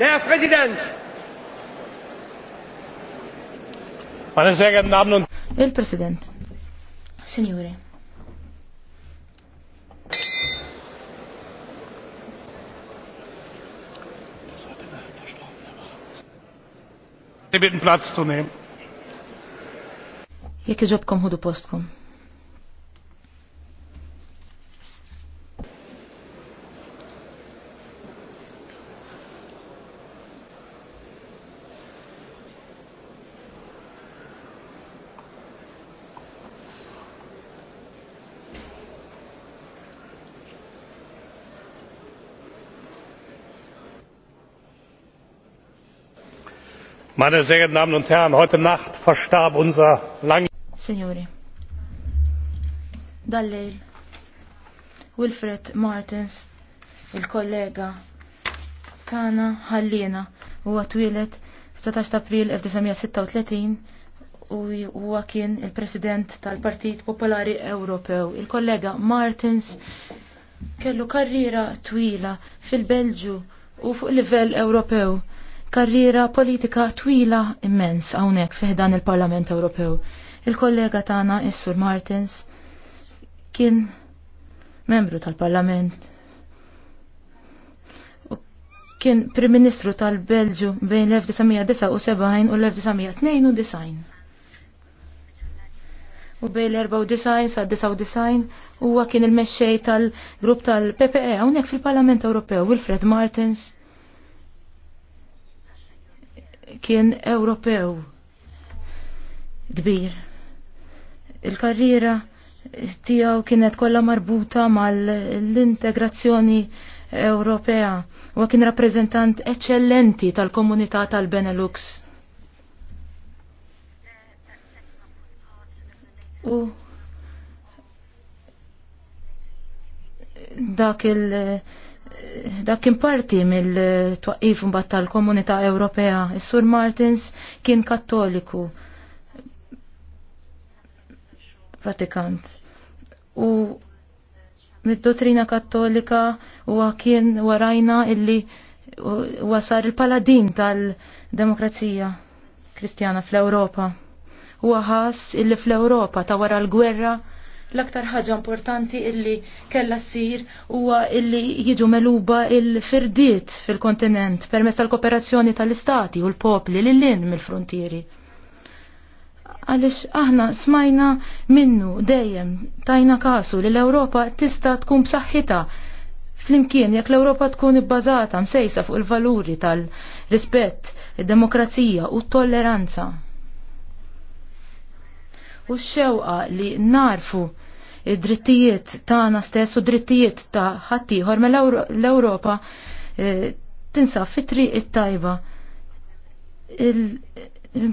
Der Präsident! Meine sehr geehrten Damen und Herren! Präsident! Signore. Sie bitten Platz zu nehmen. Jekk iġobkom ħudu postkom. Meine sehr geehrten und Herren, heute Nacht verstarb unser Signori. Dallejl. Wilfred Martens, il-kollega tana ħallina u għatwilet 19 april 1936 u huwa kien il-president tal-Partit Popolari Ewropew. Il-kollega Martens kellu karriera twila fil-Belġu u fuq livell Ewropew karriera politika twila immens hawnhekk fiħdan il-Parlament Ewropew. Il-kollega tagħna issur Martins kien membru tal-Parlament u kien Prim Ministru tal-Belġu bejn l-1979 u l-1992. U bejn l-94 sa' 99 huwa kien il-mexxej tal-grupp tal-PPE hawnhekk fil-Parlament Ewropew Wilfred Martins kien Ewropew kbir. Il-karriera tiegħu kienet kollha marbuta mal-integrazzjoni Ewropea u kien rappreżentant eċċellenti tal-komunità tal-Benelux. U dak il- dak kien parti mill-twaqif mbagħad tal-Komunità Ewropea. Is-Sur Martins kien Kattoliku pratikant. U mid-dottrina Kattolika huwa kien warajna illi sar il-paladin tal-demokrazija kristjana fl-Ewropa. Huwa ħass illi fl-Ewropa ta' wara l-gwerra L-aktar ħaġa importanti illi kella ssir huwa illi jiġu meluba il-firdiet fil-kontinent permezz tal-kooperazzjoni tal-istati u l-popli lil lin mill-frontieri. Għaliex aħna smajna minnu dejjem tajna kasu li l-Ewropa tista' tkun b'saħħitha Flimkien, jekk l europa tkun ibbażata msejsa fuq il-valuri tal-rispett, id-demokrazija u t-tolleranza u xewqa li narfu id-drittijiet tagħna stess u drittijiet ta' ħaddieħor me mela l-Ewropa eh, tinsa fit-triq it-tajba.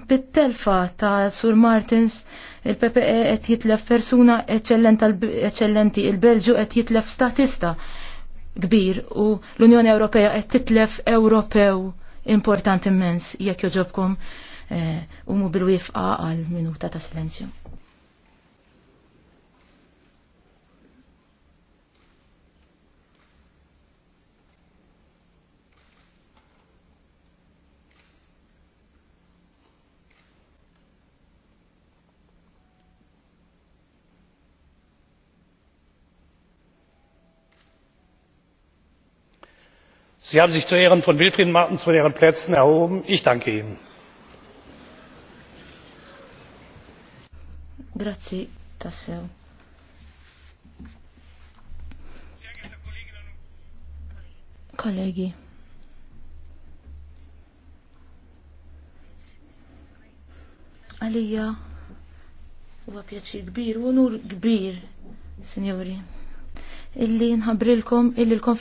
bit ta' Sur Martins il-PPE qed jitlef persuna eċċellenti, il-Belġu qed jitlef statista kbir u l-Unjoni Ewropea qed titlef Ewropew importanti immens jekk joġobkom. Eh, u mu bil-wifqa għal minuta ta' silenzju. sie haben sich zu ehren von wilfried martens von ihren plätzen erhoben. ich danke ihnen. Grazzi tassew. Kollegi. Għalija huwa pjaċir kbir u nur kbir, Sinjuri, illi nħabrilkom illi l